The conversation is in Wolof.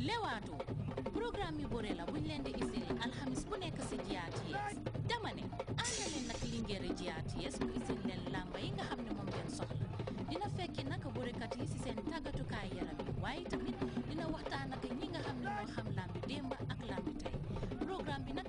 lewaatu programme bu nekk si GRTS dama ne ànd leen nag Linguère GRTS mu isil leen làmba yi nga xam ne moom ngeen soxla dina fekki nag bërekat yi si seen tàggatukaay yaram waaye tamit dina waxtaan ak ñi nga xam ne moo xam làmbi démb ak làmbi tey programme bi nag